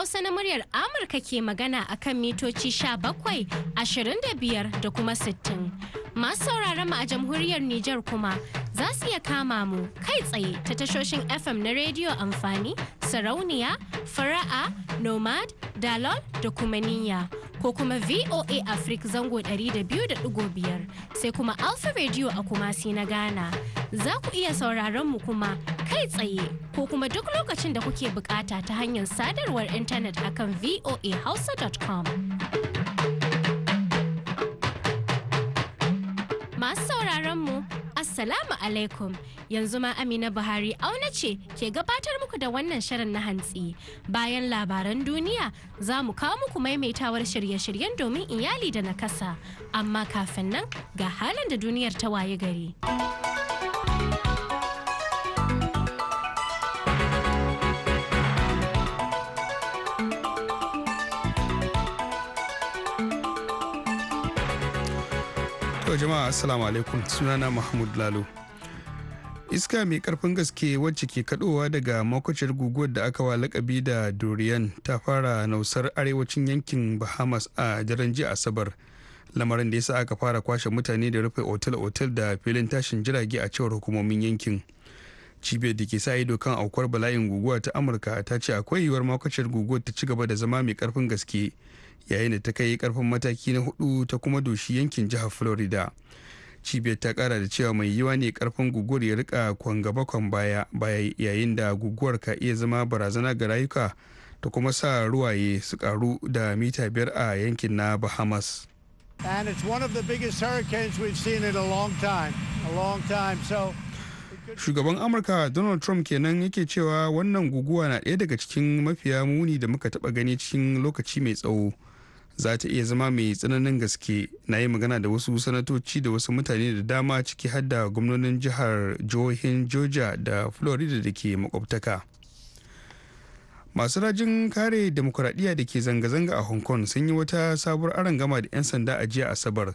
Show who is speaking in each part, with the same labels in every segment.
Speaker 1: Hausa na muryar Amurka ke magana a kan mitoci 17, 25 da kuma 60. Masu sauraron mu a jamhuriyar Nijar kuma za su iya kama mu kai tsaye ta tashoshin FM na rediyo amfani, sarauniya, fara'a, nomad, dalol da kuma niyya. ko kuma VOA Africa zango 200.5 sai kuma Alpha Radio a Kumasi na Ghana. Za ku iya sauraron mu kuma kai tsaye ko kuma duk lokacin da kuke bukata ta hanyar sadarwar intanet akan voahausa.com. Masu sauraron Assalamu alaikum yanzu ma Amina Buhari auna ce ke gabatar muku da wannan shirin na hantsi. Bayan labaran duniya za mu kawo muku maimaitawar shirye-shiryen domin iyali da na nakasa. Amma kafin nan ga halin da duniyar ta waye gari.
Speaker 2: jama'a assalamu alaikum sunana mahmud lalo iska mai karfin gaske wacce ke kadowa daga makwacin guguwar da aka wa lakabi da dorian ta fara nausar arewacin yankin bahamas a daren jiya asabar lamarin da yasa aka fara kwashe mutane da rufe otal-otal da filin tashin jirage a cewar hukumomin yankin cibiyar da ke sa ido kan aukuwar bala'in guguwa ta amurka ta ce akwai yiwuwar makwacin guguwar ta ci gaba da zama mai karfin gaske yayin da ta kai karfin mataki na hudu ta kuma doshi yankin jihar florida cibiyar ta kara da cewa mai yiwa ne karfin guguwar ya rika kwangaba kwan baya yayin da guguwar ka iya zama barazana ga rayuka ta kuma sa ruwaye su karu da mita biyar a yankin na bahamas shugaban amurka donald trump kenan yake cewa wannan guguwa na ɗaya daga cikin mafiya muni da muka taɓa gani cikin lokaci mai tsawo za ta iya zama mai tsananin gaske na yi magana da wasu sanatoci da wasu mutane da dama ciki har da gwamnonin jihar jihohin georgia da florida da ke makwabtaka masu rajin kare demokuraɗiyya da ke zanga-zanga a hong kong sun yi wata sabuwar gama da 'yan sanda a jiya asabar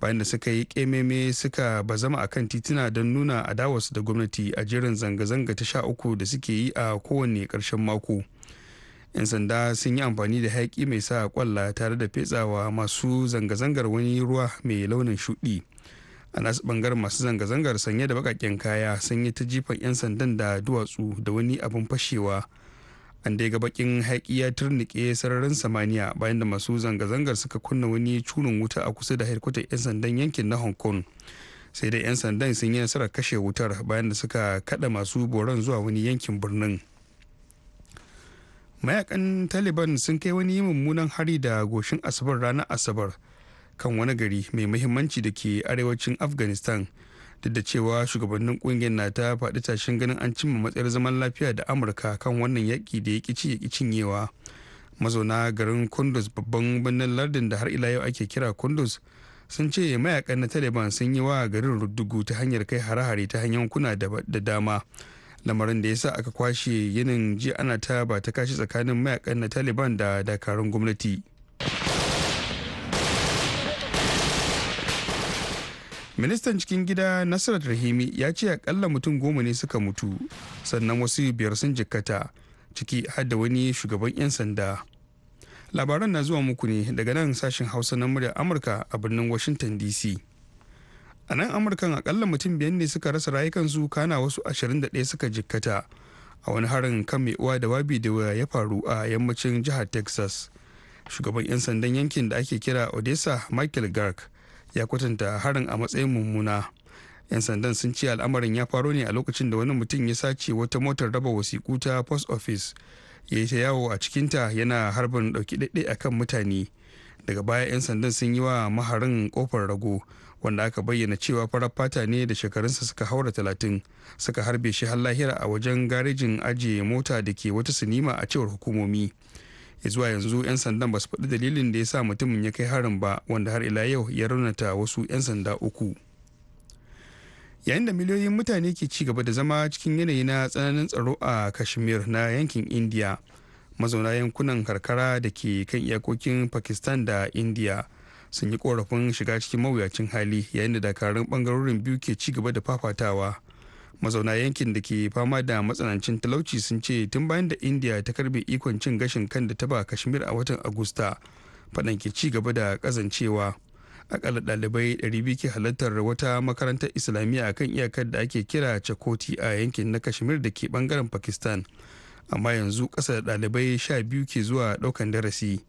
Speaker 2: bayan da suka yi kememe suka bazama kan titina don nuna adawarsu da gwamnati a jerin zanga-zanga ta sha uku da suke yi a kowane ƙarshen mako. 'yan sanda sun yi amfani da hayaƙi mai sa kwalla tare da fetsawa masu zanga-zangar wani ruwa mai launin shuɗi a nasu ɓangaren masu zanga-zangar sanye da baƙaƙen kaya sun yi ta jifan 'yan sandan da duwatsu da wani abin fashewa an dai ga bakin haƙi ya turnike sararin samaniya bayan da masu zanga-zangar suka kunna wani curin wuta a kusa da harkutan 'yan sandan yankin na hong kong sai dai 'yan sandan sun yi nasarar kashe wutar bayan da suka kada masu boron zuwa wani yankin birnin mayakan taliban sun kai wani mummunan hari da goshin asabar ranar asabar kan wani gari mai muhimmanci da ke arewacin afghanistan duk da cewa shugabannin kungiyar na ta faɗi tashin ganin an cimma matsayar zaman lafiya da amurka kan wannan yaƙi da ya ƙici ya cinyewa mazauna garin kunduz babban birnin lardin da har ila yau ake kira kunduz sun ce mayakan na taliban sun yi wa garin ruddugu ta hanyar kai hare-hare ta hanyar kuna da dama lamarin da ya sa aka kwashe yinin ji ana ta ba ta kashi tsakanin mayakan na taliban da dakarun gwamnati ministan cikin gida nasarar rahimi ya ce akalla mutum goma ne suka mutu sannan wasu biyar sun jikkata ciki har wani shugaban 'yan sanda labaran na zuwa muku ne daga nan sashen hausa na murya amurka a birnin washington dc a nan amurkan akalla mutum biyan ne suka rasa rayukansu kana wasu 21 suka jikkata a wani harin kan mai uwa da wabi da ya faru a yammacin jihar texas shugaban 'yan sandan yankin da ake kira odessa michael gark ya kwatanta harin a matsayin mummuna 'yan sandan sun ce al'amarin ya faro ne a lokacin da wani mutum ya sace wata motar raba wasiku ta post office ya yi ta yawo a cikinta yana harbin dauki daidai akan mutane daga baya 'yan sandan sun yi wa maharin kofar rago wanda aka bayyana cewa farar fata ne da shekarunsa suka haura talatin suka harbe shi har lahira a wajen garejin ajiye mota da ke wata sinima a cewar hukumomi zuwa yanzu 'yan sandan ba su faɗi dalilin da ya sa mutumin ya kai harin ba wanda har ila yau ya raunata wasu 'yan sanda uku yayin da miliyoyin mutane ke ci gaba da zama cikin yanayi na tsananin tsaro a kashmir na yankin india mazauna yankunan karkara da ke kan iyakokin pakistan da india sun yi korafin shiga cikin mawuyacin hali yayin da dakarun bangarorin biyu ke ci gaba da fafatawa mazauna yankin da ke fama da matsanancin talauci sun ce tun bayan da india ta karbe ikon cin gashin kan da ta ba kashmir a watan agusta fadan ke ci gaba da kazancewa akalla dalibai 200 ke halartar wata makarantar islamiyya a kan iyakar da ake kira chakoti a yankin na kashmir da ke bangaren pakistan amma yanzu kasa da dalibai 12 ke zuwa daukan darasi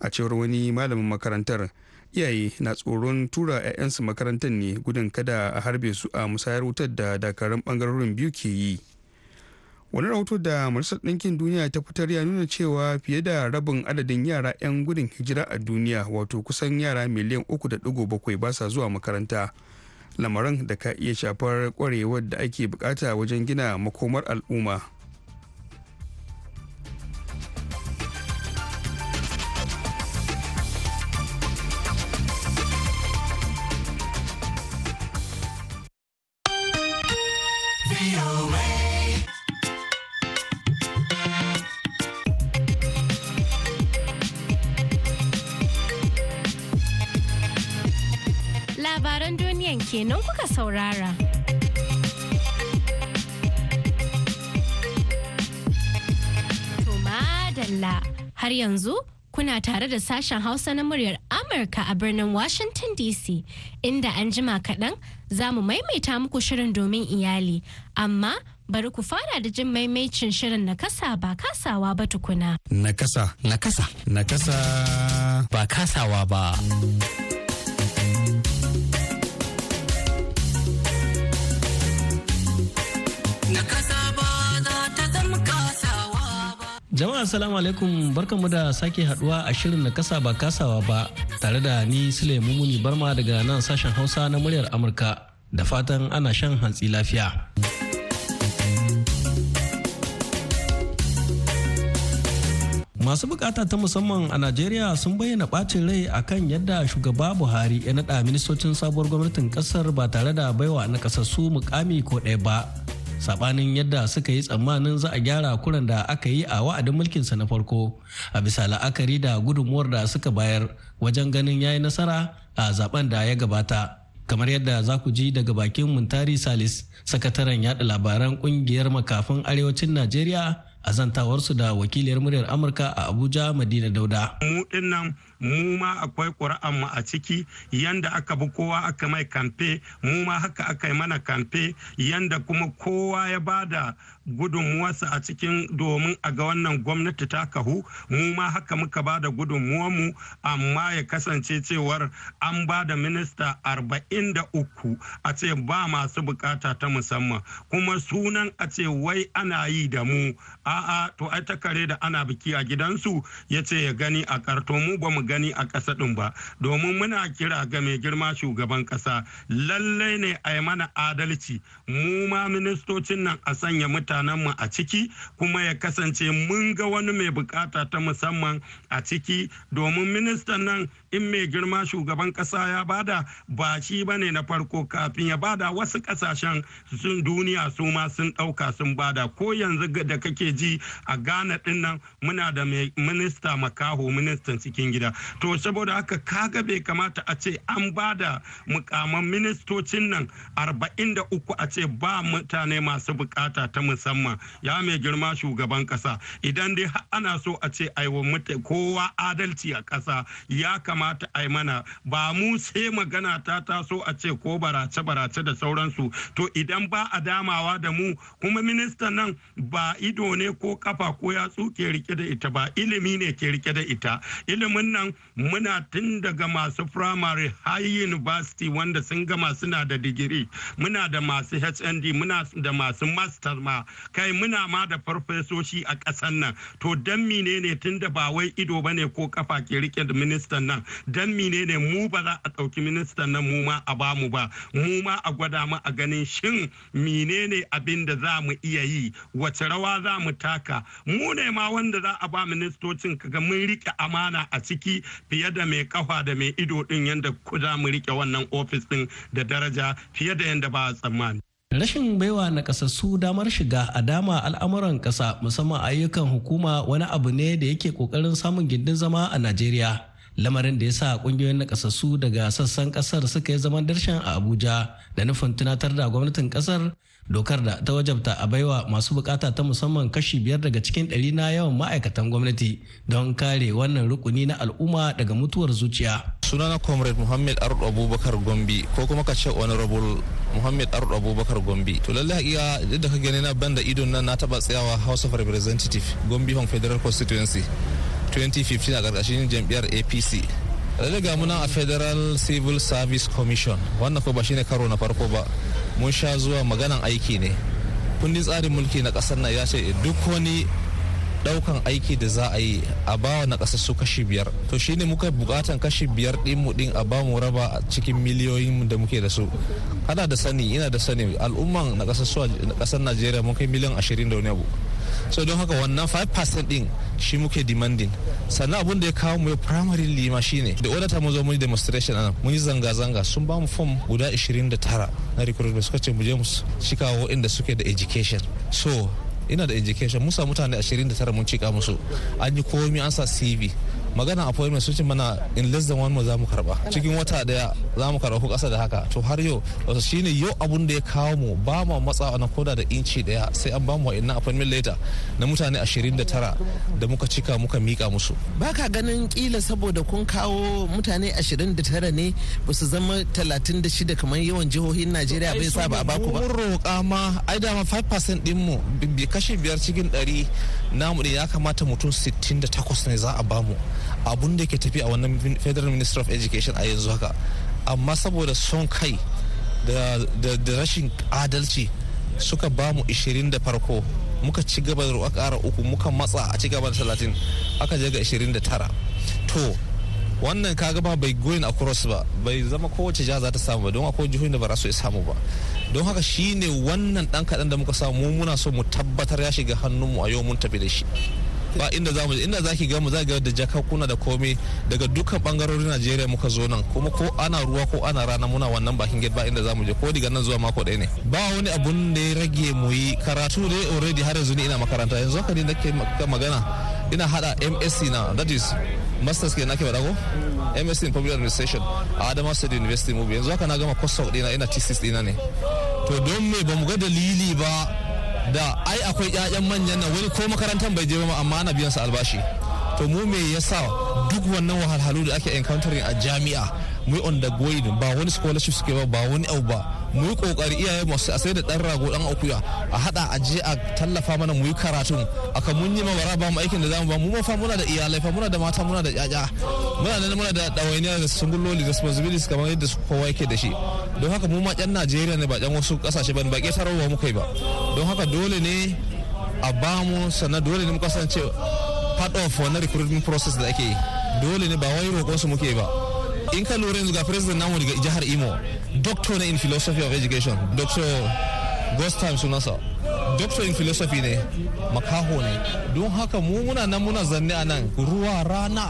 Speaker 2: a cewar wani malamin makarantar iyaye na tsoron tura 'ya'yansu makarantar ne gudun kada a harbe su a musayar wutar da dakarun bangarorin biyu ke yi wani rahoto da majalisar ɗinkin duniya ta fitar ya nuna cewa fiye da rabin adadin yara 'yan gudun hijira a duniya wato kusan yara miliyan 3.7 ba sa zuwa makaranta lamarin da ka iya shafar kwarewar da ake bukata wajen gina makomar al'umma
Speaker 1: kenan kuka saurara. Madalla har yanzu kuna tare da sashen Hausa na muryar Amurka a birnin Washington DC inda an jima kaɗan za mu maimaita muku shirin domin iyali amma bari ku fara da jin maimaicin shirin na kasa ba kasawa ba tukuna.
Speaker 2: Na kasa. Na kasa. Na kasa. Ba kasawa ba.
Speaker 3: Jama'a salamu alaikum barkanmu da sake haduwa a shirin na kasa ba kasawa ba tare da ni Sule Mumuni Barma daga nan sashen Hausa na muryar Amurka da fatan ana shan hantsi lafiya. Masu bukata ta musamman a Najeriya sun bayyana bacin rai a kan yadda shugaba Buhari ya naɗa ministocin sabuwar gwamnatin kasar ba tare da baiwa na kasassu mukami ko ɗaya ba. sabanin yadda suka yi tsammanin za a gyara kuran da aka yi a wa'adin mulkin sa na farko a bisa la'akari da gudunmuwar da suka bayar wajen ganin ya yi nasara a zaben da ya gabata kamar yadda za ku ji daga bakin muntari salis sakataren yada labaran kungiyar makafin arewacin najeriya a zantawarsu da
Speaker 4: wakiliyar muryar amurka a abuja madina dauda mu dinnan mu ma akwai ƙuri'an mu a ciki yanda aka bi kowa aka mai kamfe mu ma haka aka yi mana kamfe yanda kuma kowa ya ba bada gudunmuwarsa a cikin domin a ga wannan gwamnati ta kahu mu ma haka muka ba da mu amma ya kasance cewar an ba da minista 43 a ce ba masu bukata ta musamman kuma sunan a ce wai ana yi da mu a'a to ai ta kare da ana biki a gidansu ya ce ya gani a karto mu ba mu gani a ƙasa ɗin ba domin muna kira ga mai girma shugaban ƙasa lallai ne a yi mana adalci mu ma ministocin nan a sanya mutanen mu a ciki kuma ya kasance mun ga wani mai bukata ta musamman a ciki domin ministan nan in mai girma shugaban kasa ya bada ba shi bane na farko kafin ya bada wasu kasashen sun duniya su ma sun dauka sun bada ko yanzu da kake ji a ghana dinnan muna da minista makaho ministan cikin gida to saboda haka kaga bai kamata a ce an bada mukaman ministocin nan 43 a ce ba mutane masu bukata ta musamman ya mai girma shugaban kasa idan dai ana so a ce aiwa kowa adalci a kasa ya kamata kamata a yi mana ba mu sai magana ta taso a ce ko barace-barace da sauransu to idan ba a damawa da mu kuma minista nan ba ido ne ko kafa ko yatsu ke rike da ita ba ilimi ne ke rike da ita ilimin nan muna tun daga masu primary high university wanda sun gama suna da digiri muna da masu hnd muna da masu master ma kai muna ma da farfesoshi a kasan nan to don menene tun da ba wai ido ba ne ko kafa ke rike da ministan nan dan mine ne mu ba za a ɗauki ministan na mu ma a bamu ba mu ma a gwada mu a ganin shin mine ne abin da za mu iya yi wace rawa za mu taka mu ne ma wanda za a ba ministocin kaga mun rike amana a ciki fiye da mai kafa da mai ido din yadda ku za mu rike wannan ofis din da daraja fiye da yanda ba a tsammani
Speaker 3: Rashin baiwa na kasassu damar shiga a dama al'amuran kasa musamman ayyukan hukuma wani abu ne da yake ƙoƙarin samun gindin zama a Najeriya. lamarin da ya sa kungiyoyin nakasassu daga sassan kasar suka yi zaman darshan a abuja da nufin tunatar da gwamnatin kasar dokar da ta wajabta a baiwa masu bukata ta musamman kashi biyar daga cikin ɗari na yawan ma'aikatan gwamnati don kare wannan rukuni na al'umma daga mutuwar zuciya
Speaker 5: sunana comrade muhammad ardu abubakar gombe ko kuma ka ce honorable muhammad ardu abubakar gombe to lallai hakika duk da ka gani na banda idon nan na taba tsayawa house of representative gombe home federal constituency 2015 a ƙarƙashin jam'iyyar apc riga muna a federal civil service commission wannan ko ba shine karo na farko ba mun sha zuwa maganan aiki ne kundin tsarin mulki na ƙasar nan ya ce duk wani daukan aiki da za a yi a bawa na ƙasa su kashi biyar to shine muka bukatan kashi biyar ɗin mu ɗin a bamu raba a cikin miliyoyin da muke da su kana da sani ina da sani al'umman na ƙasar najeriya mun kai miliyan ashirin da wani abu so don haka wannan 5% din shi muke demanding sannan abun da ya kawo mu primary lima shine da odata mu zo mun demonstration ana mun yi zanga-zanga sun ba mu form guda 29 na recruitment suka ce mu je mu cikawa inda suke da education so ina da education mun sa mutane 29 mun cika musu an yi komi an sa cv magana appointment sun ce mana in less than one month za mu karba cikin wata daya za mu karɓi kasa da haka to har yau wato shine yau abun da ya kawo mu ba mu matsa a koda da inci daya sai an ba mu wa'annan appointment later na mutane 29 da muka cika muka mika musu
Speaker 6: baka ganin kila saboda kun kawo mutane 29 ne ba su zama 36 kamar yawan jihohin Najeriya bai sa ba baku ku ba mun
Speaker 5: roƙa ma ai da ma 5% din mu kashi biyar cikin 100 namu ne ya kamata mutum 68 ne za a ba mu abun da ke tafi a wannan federal minister of education a yanzu haka amma saboda son kai da rashin adalci suka ba mu 20 da farko muka ci gaba da ƙara uku muka matsa a ci gaba da 30 aka je ga 29 to wannan kaga ba bai goyin across ba bai zama kowace jiha za ta samu ba don akwai jihohin da ba su yi samu ba don haka shine wannan dan kaɗan da muka samu muna so mu tabbatar ya shiga hannun mu a yau mun tafi da shi ba inda za mu inda za ki mu za ga da jakakuna da komai daga dukkan bangarorin Najeriya muka zo nan kuma ko ana ruwa ko ana rana muna wannan bakin gate ba inda za mu je ko daga nan zuwa mako ɗaya ne ba wani abun da ya rage mu yi karatu ne already har yanzu ni ina makaranta yanzu haka ne nake magana ina hada MSc na that is masters ke nake barago MSc in public administration a Adama State University Mubi yanzu haka na gama course ɗina ina thesis dina ne to don me ba mu ga dalili ba da ai akwai 'ya'yan manyan nan wani ko makarantar bai je ba amma ana biyan sa albashi to mu me yasa duk wannan wahalhalu da ake encountering a jami'a mu on the going ba wani scholarship suke ba ba wani abu ba mu yi kokari iyaye masu a sai da dan rago dan akuya a hada a je a tallafa mana mu yi karatu aka mun yi mawara ba mu aikin da zamu ba mu ma fa muna da iyalai fa muna da mata muna da yaya muna da muna da dawainiya da sungulloli responsibilities kamar yadda su kowa yake da shi don haka mu ma yan Najeriya ne ba yan wasu kasashe ba ba ke tarawa mu kai ba don haka dole ne a bamu sannan dole ne mu kasance part of wannan recruitment process da ake yi dole ne ba wai roƙon su muke ba in ka lura yanzu ga president namu daga jihar imo doctor ne in philosophy of education doctor gostam sunansa doctor in philosophy ne makaho ne don haka mu muna nan muna zanne a nan ruwa rana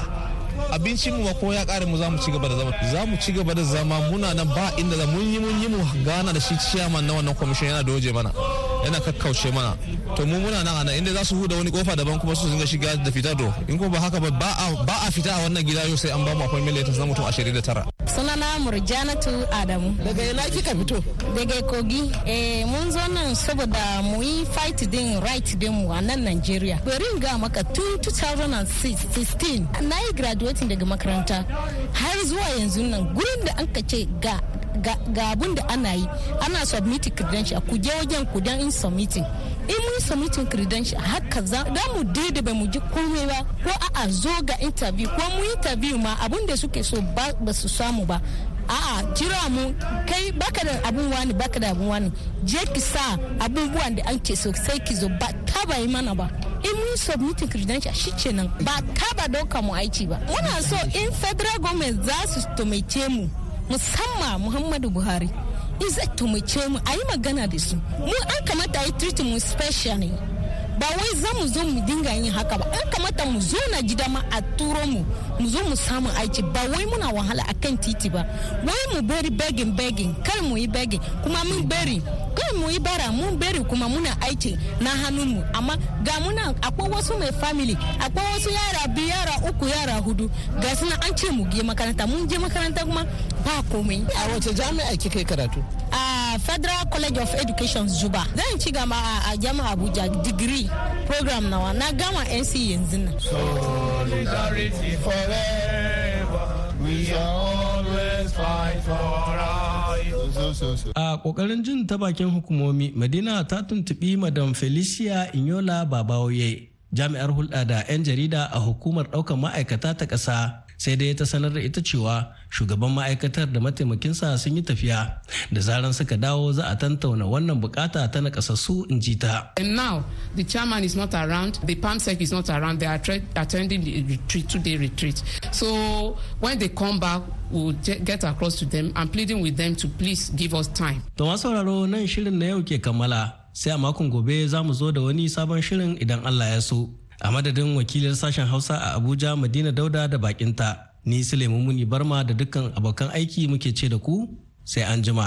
Speaker 5: abincin mu ko ya kare mu zamu ci gaba da zama zamu ci gaba da zama muna nan ba inda za mun yi mun yi mu gana da shi ciyaman na wannan commission yana doje mana yana kakkaushe mana to mu muna nan ana inda za su huda wani kofa daban kuma su dinga shiga da fita do in kuma ba haka ba ba a fita a wannan gida yau sai an ba mu akwai miliyan na mutum 29
Speaker 7: sunana murjanatu adamu daga yana kika fito daga kogi eh mun zo nan saboda mu yi fight din right din mu a nan nigeria. bari ga maka tun 2016 na yi graduating daga makaranta har zuwa yanzu nan gurin da an ka ce ga ga abun da ana yi ana submitting credential ku je wajen ku dan in submitting in mun submitting credential haka za da mu daidai ba mu ji komai ba ko a zo ga interview ko mu interview ma abun da suke so ba su samu ba a'a kira mu kai baka da abun wani baka da abun wani je ki sa abubuwan da an ke so sai ki zo ba taba yi mana ba in mun submitting credential shi kenan ba taba doka mu aiki ba muna so in federal government za su tumaice mu musamman muhammadu buhari mu ce mu a yi magana da su mu an kamata a yi mu special ne ba wai za mu zo mu dinga yin haka ba an kamata mu zo na gida ma a turo mu mu zo mu samu aiki ba wai muna wahala a kan titi ba wai mu bari begin begin kar mu yi begin kuma mun bari kai mu yi bara mun bari kuma muna aiki na hannunmu amma ga muna akwai wasu mai family akwai wasu yara biyu yara uku yara hudu ga suna an ce mu je makaranta mun je makaranta kuma ba komai a wace jami'a kika yi karatu a federal college of education zuba zan ci gama a jami'a abuja degree program nawa na gama nc e yanzu na.
Speaker 2: solidarity for
Speaker 3: A kokarin jin ta bakin hukumomi, Madina ta tuntuɓi Madam Felicia Inyola Babaoye, jami'ar hulɗa da 'yan jarida a hukumar ɗaukar ma'aikata ta ƙasa sai dai ta sanar da ita cewa shugaban ma'aikatar da mataimakinsa sun yi tafiya da zaran suka dawo za a tantauna wannan bukata ta nakasassu in ji ta.
Speaker 7: and now the chairman is not around the pamsec is not around they are attending the retreat two day retreat so when they come back we'll get across to them and pleading with them to please give us time.
Speaker 3: to masu sauraro nan shirin na yau ke kammala sai a makon gobe za mu zo da wani sabon shirin idan allah ya so. a madadin wakilin sashen hausa a abuja madina dauda da bakinta ni sulaimu muni barma da dukkan abokan aiki muke ce da ku sai an jima.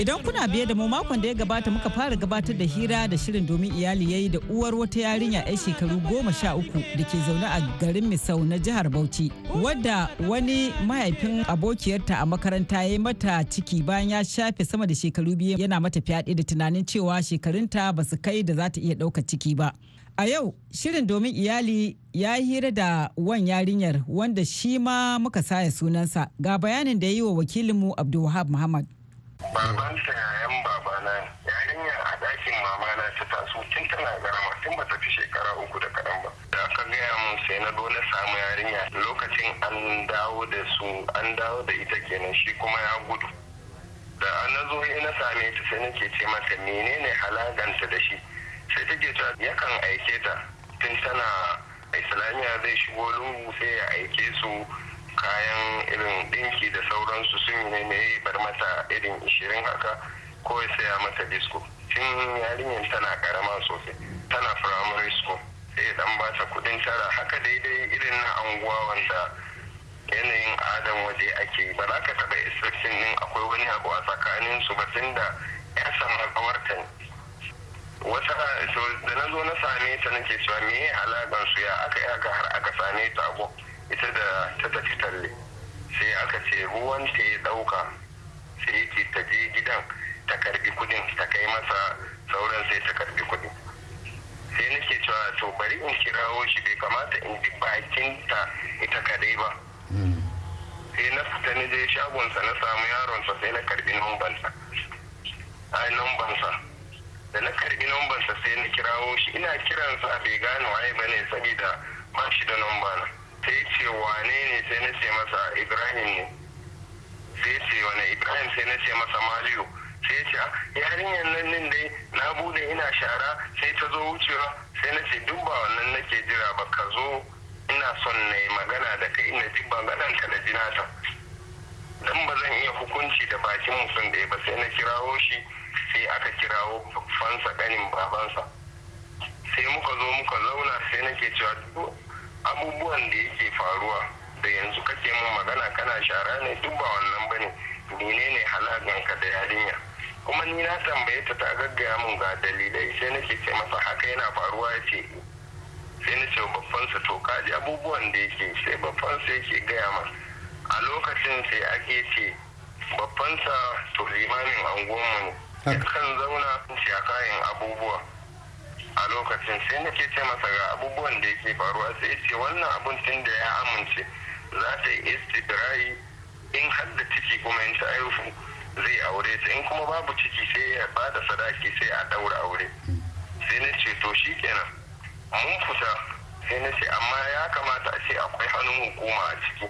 Speaker 8: Idan kuna biye da mu makon da ya gabata muka fara gabatar da hira da shirin domin iyali yayi da uwar wata yarinya 'yan shekaru goma sha uku da ke zaune a garin Misau na jihar Bauchi. Wadda wani mahaifin abokiyarta a makaranta ya yi mata ciki bayan ya shafe sama da shekaru biyu yana mata fyaɗe da tunanin cewa shekarunta ba su kai da za ta iya ɗauka ciki ba. A yau shirin domin iyali ya hira da wan yarinyar wanda shi ma muka saya sunansa ga bayanin da ya yi wa wakilinmu Abdulwahab Muhammad.
Speaker 9: babanta yayan babana yarinya a ɗakin mamana ta taso tun tana garama tun bata fi shekara uku da kaɗan ba da aka gaya mun sai na dole samu yarinya lokacin an dawo da su an dawo da ita kenan shi kuma ya gudu da an zo ina same ta sai nake ce mata menene halaganta da shi sai take ta yakan aike ta tun tana islamiyya zai shigo lungu sai ya aike su kayan irin dinki da sauransu sun yi ne bar mata irin ishirin haka ko ya saya mata disko tun yarinyar tana karama sosai tana firamare school sai dan ba ta kudin tara haka daidai irin na anguwa wanda yanayin adam waje ake ba za ka taɓa instruction din akwai wani abu a tsakanin su ba tun da ya samu kawarta ne wata da na zo na same ta nake cewa me ya alaƙar su ya aka yi haka har aka same ta abu ita da ta tafi talle sai aka ce ruwan ta ya ɗauka. sai yake ta je gidan ta karbi kudin ta kai masa sauran sai ta karbi kudin sai nake cewa to bari in kirawo shi bai kamata in ji bakin ta ita kadai ba hmm. sai na fita ni je shagonsa na samu yaron yaronsa sai na karbi sa ai sa da na karbi sa sai na kirawo shi ina kiransa bai gane waye bane saboda ba shi da numba na wane ne sai na ce masa ibrahim ne sai ce wani ibrahim sai na ce masa maliyu sai ce ah, yarinyar nan nan dai na bude ina shara sai ta zo wucewa sai na ce duk ba wannan nake jira ba ka zo ina son na yi magana da kai ina ji ba ka da jinata dan ba zan iya hukunci da bakin mutum da ba sai na kirawo shi sai aka kirawo fansa ganin babansa sai muka zo muka zauna sai nake cewa abubuwan da yake faruwa da yanzu kake mun magana kana shara ne duk ba wannan bane menene ka da yarinya kuma ni na tambaye ta ta gaggaya mun ga dalilai sai nake ce masa haka yana faruwa ya ce sai na ce sa to kaji abubuwan da yake sai babbansa yake gaya ma a lokacin sai ake ce babbansa to limamin anguwanmu mu kan zauna shi a kayan abubuwa a lokacin sai nake ce masa ga abubuwan da yake faruwa sai ya ce wannan abun tun da ya amince za ta yi istibirai in har da ciki kuma in ta aihu zai aure ta in kuma babu ciki sai ya da sadaki sai a daura aure sai na ce to shi kenan mun fita sai na ce amma ya kamata a ce akwai hannun hukuma a ciki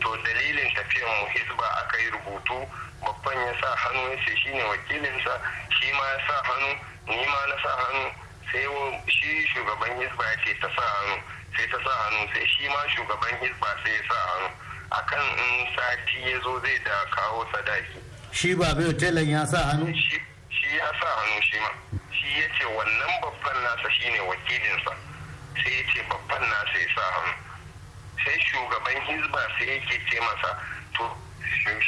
Speaker 9: to dalilin tafiyan mu hisba aka yi rubutu babban ya sa hannu ya ce shine wakilinsa shi ma ya sa hannu ni ma na sa hannu sai shi shugaban hisba ya ce ta sa hannu sai ta sa hannu sai shi ma shugaban hisba sai ya sa hannu akan in sati ya zo zai da kawo sadaki
Speaker 6: shi ba bai telan ya sa hannu shi
Speaker 9: ya sa hannu shi ma shi ya ce wannan babban nasa shine wakilinsa sai ya ce babban nasa ya sa hannu sai shugaban hisba sai ya ce masa to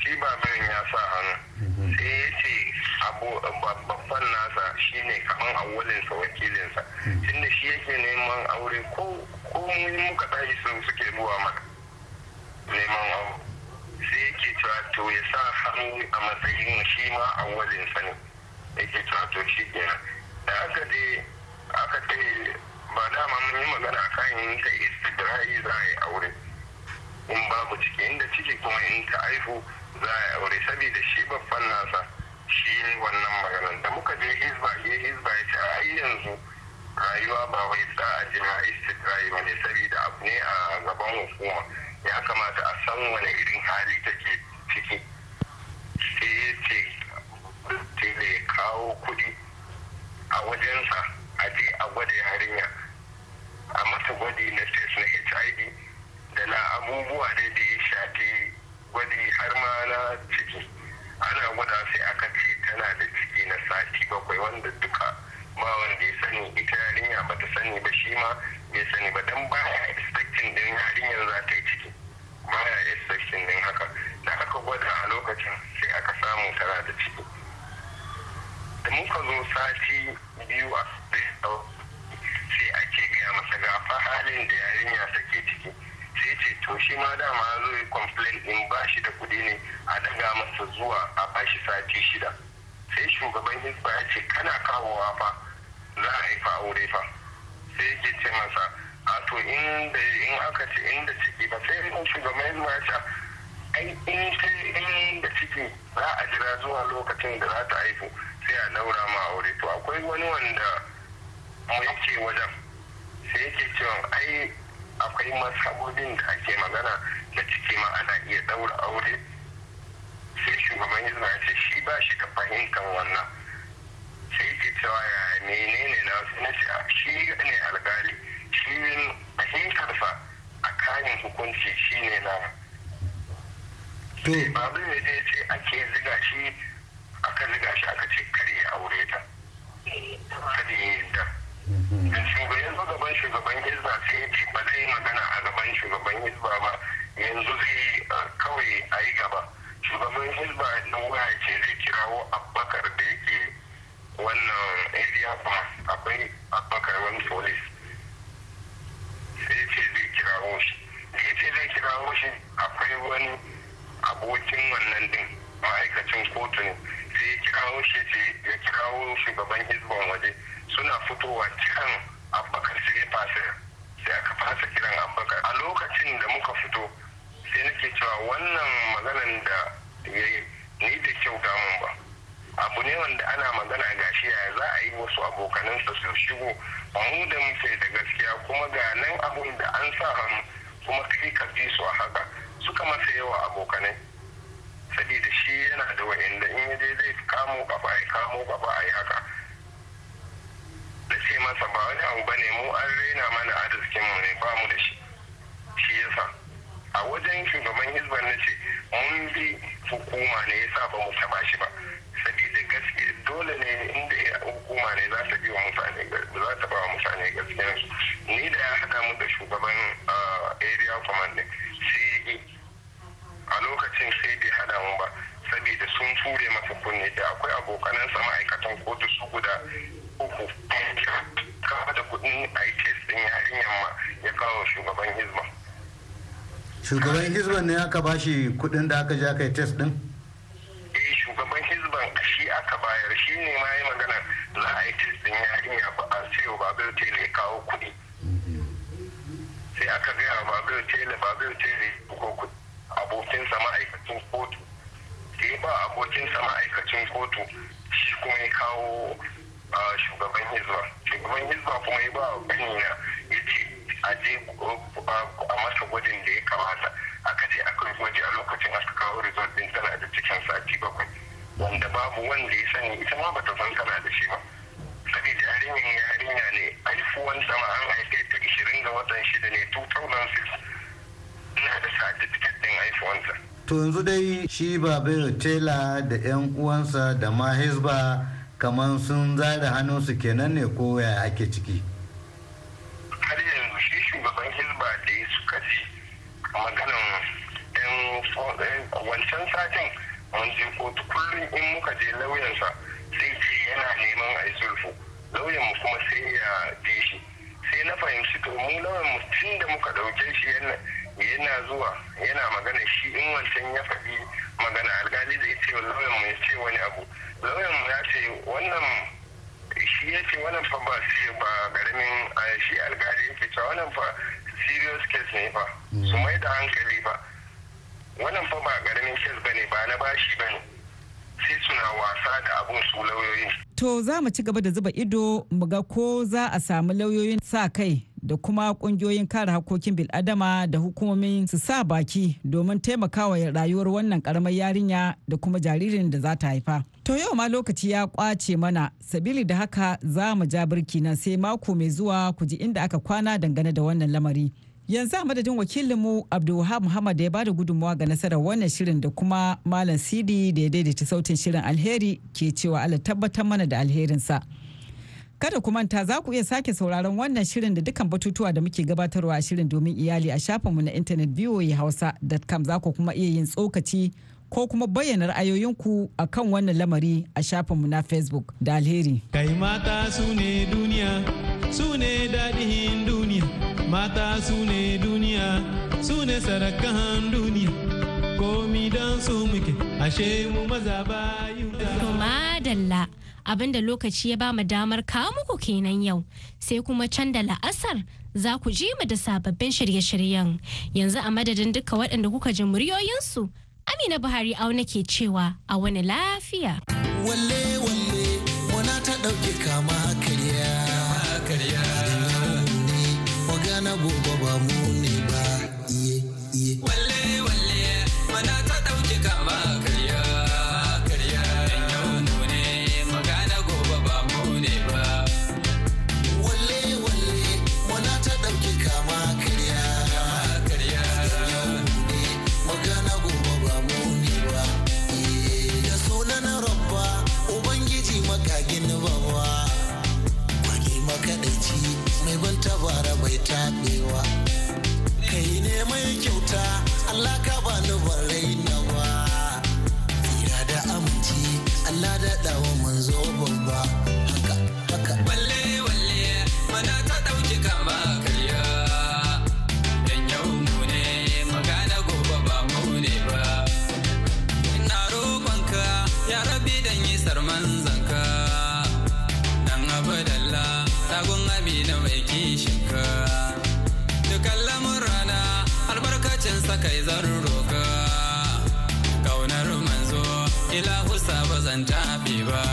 Speaker 9: shi ba bai ya sa hannu mhm. sai ya ce babban nasa shine kaman awalinsa wakilinsa hmm. tunda shi yake neman aure ko ko muka tashi sun suke zuwa mana neman aure sai yake cewa to ya sa hannu a matsayin shi ma awalinsa ne yake cewa to shi kenan da aka je aka ce ba dama mun yi magana kan yin ta istidrahi za a yi aure in babu ciki inda ciki kuma in ta haihu za a yi aure sabida shi babban nasa shi yi wannan maganan da muka je hizba ya hizba ya ce ai yanzu rayuwa ba wai sa a jira istikrayi ba ne saboda abu ne a gaban hukuma ya kamata a san wani irin hali take ciki sai ya ce da ya kawo kuɗi a wajensa a je a gwada yarinya a masa gwadi na test na hiv da na abubuwa da ya shafi akwai masabobin da ake magana na ciki ma ana iya ɗaura aure sai shugaban yanzu na ce shi ba shi da fahimtar wannan sai ke cewa ya menene na wasu na ce shi ne alkali shi fahimtarsa a kayan hukunci shi ne na babu ne zai ce ake ziga shi aka ziga shi aka ce kare aure ta kare ta Mhm. shugaban yanzu gaban shugaban hizba sai ya ce ba zai magana a gaban shugaban hizba ba yanzu zai kawai a yi gaba shugaban hizba na waya ce zai kirawo abbakar da yake wannan area ba akwai abbakar wani police sai ce zai kirawo shi ya ce zai kirawo shi akwai wani abokin wannan din ma'aikacin kotu ne sai ya kirawo shi ya kirawo shugaban hizban waje suna fitowa cikin abbakar sai fasa sai aka fasa kiran abbakar a lokacin da muka fito sai nake cewa wannan maganan da ya yi ni da kyau damun ba abu ne wanda ana magana ga shi yaya za a yi wasu abokanansa su shigo mu da muke da gaskiya kuma ga nan abun da an sa hannu kuma kai ka bi su a haka suka masa yawa abokanai saboda shi yana da wa'inda in ya je zai kamo kafa ya kamo kafa a yi haka masa ba wani abu bane mu an raina mana arzikin mu ne ba mu da shi shi yasa a wajen shugaban hizban na ce mun bi hukuma ne yasa ba mu taba shi ba saboda gaske dole ne inda hukuma ne za ta biyo wa mutane za ta ba mutane gaskiyar su ni da ya haɗa mu da shugaban area command ne sai a lokacin sai bai hada mu ba saboda sun ture masa kunne da akwai abokanansa ma'aikatan kotu su guda uku kuɗi a yi kes ya kawo shugaban hizba
Speaker 6: shugaban hizban ne aka ba shi kuɗin da aka ja kai test ɗin? eh shugaban hizban shi aka bayar shi ne ma yi magana za a yi test ɗin yarinya ba a sayo babir tele kawo kuɗi sai aka gaya wa babir tele babir tele ko abokin
Speaker 9: abokinsa ma'aikacin kotu sai ba abokinsa ma'aikacin kotu shi kuma ya kawo shugaban hizba shugaban hizba kuma ya ba kanya ya ce a je a masa gwajin da ya kamata aka je aka yi gwaji a lokacin aka kawo result din tana da cikin sati bakwai wanda babu wanda ya sani ita ma bata san tana da shi ba saboda yarinyar yarinya ne aifuwan sama an haife ta ishirin ga watan shida ne 2006 na da certificate din aifuwansa
Speaker 6: to yanzu dai shi babayo tela da yan uwansa da ma hizba kamar sun zare hannunsu kenan ne ko ya ake ciki har yanzu shi
Speaker 9: shugaban hizba da suka ji maganin yan wancan satin mun je kotu kullum in muka je lauyansa sai ce yana neman a yi sulfu lauyan mu kuma sai ya bi shi sai na fahimci to mu lauyan mu tun da muka ɗauke shi yana zuwa yana magana shi in wancan ya faɗi magana alkali zai ce lauyan mu ya ce wani abu lauyan ya ce wannan shi ya ce wannan fa ba su ba garamin a shi alkali cewa wannan fa serious case ne fa hmm. su mai da hankali fa wannan fa ba garamin case bane ba na bashi bane sai suna wasa da abun su lauyoyin
Speaker 8: to za mu ci gaba da zuba ido mu ga ko za a samu lauyoyin sa kai da kuma kungiyoyin kare hakokin bil'adama da hukumomin su sa baki domin taimakawa rayuwar wannan karamar yarinya da kuma jaririn da za ta haifa. To yau ma lokaci ya kwace mana sabili da haka za mu ja birki nan sai mako mai zuwa ku ji inda aka kwana dangane da wannan lamari. Yanzu a madadin wakilinmu Abdulwahab Muhammad da ya bada gudunmawa ga nasarar wannan shirin da kuma Malam Sidi da ya daidaita sautin shirin alheri ke cewa Allah tabbatar mana da alherinsa. Kada ku manta za ku iya sake sauraron wannan shirin da dukkan batutuwa da muke gabatarwa a shirin domin iyali a shafinmu na intanet voahausa.com za ku kuma iya yin tsokaci ko kuma bayyana ra'ayoyinku a kan wannan lamari a shafinmu na Facebook da alheri.
Speaker 3: Kai mata su ne duniya, su ne daɗin duniya, mata su ne duniya, su ne sarakan duniya, komi don su muke, ashe mu maza ba yi
Speaker 1: abinda lokaci ya ba mu damar kawo muku kenan yau sai kuma can da la'asar za ku ji mu da sababbin shirye-shiryen yanzu a madadin duka waɗanda kuka ji muryoyinsu amina buhari au nake cewa a wani lafiya.
Speaker 6: taɓewa kai ne mai kyauta Allah ka bani ni barai nawa tsira da aminci Allah da dawo manzo babba haka haka
Speaker 10: balle walle mana ta ɗauki kama karya dan yau mu ne magana gobe ba mu ne ba ina roƙonka ya rabi dan yi sarman zanka dan abadalla tagun amina mai kishinka dukkan rana albarkacin sakai zan roka kaunar manzo ilahu zan tafi ba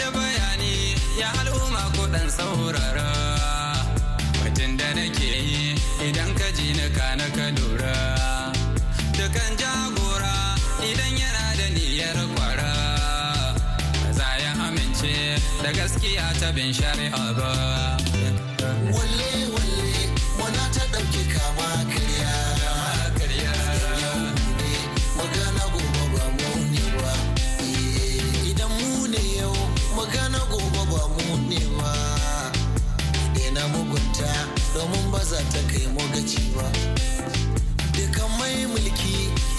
Speaker 10: da bayani ya al'umma kuɗin saurara mutum da nake yi idan ka ji na ka na lura dukan idan yana da niyyar kwara za ya amince da gaskiya ta bin shari'a ba
Speaker 3: Wale-wale wana ta ɗauki
Speaker 6: kama
Speaker 10: karya magana gobe ba mu ne ba eh,
Speaker 6: idan mu ne yau magana gobe ba mu ne ba na mugunta domin ba za ta kai mu gaci ba dukan mai mulki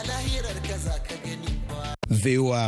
Speaker 4: a lahirar ka za ka gani
Speaker 2: ba.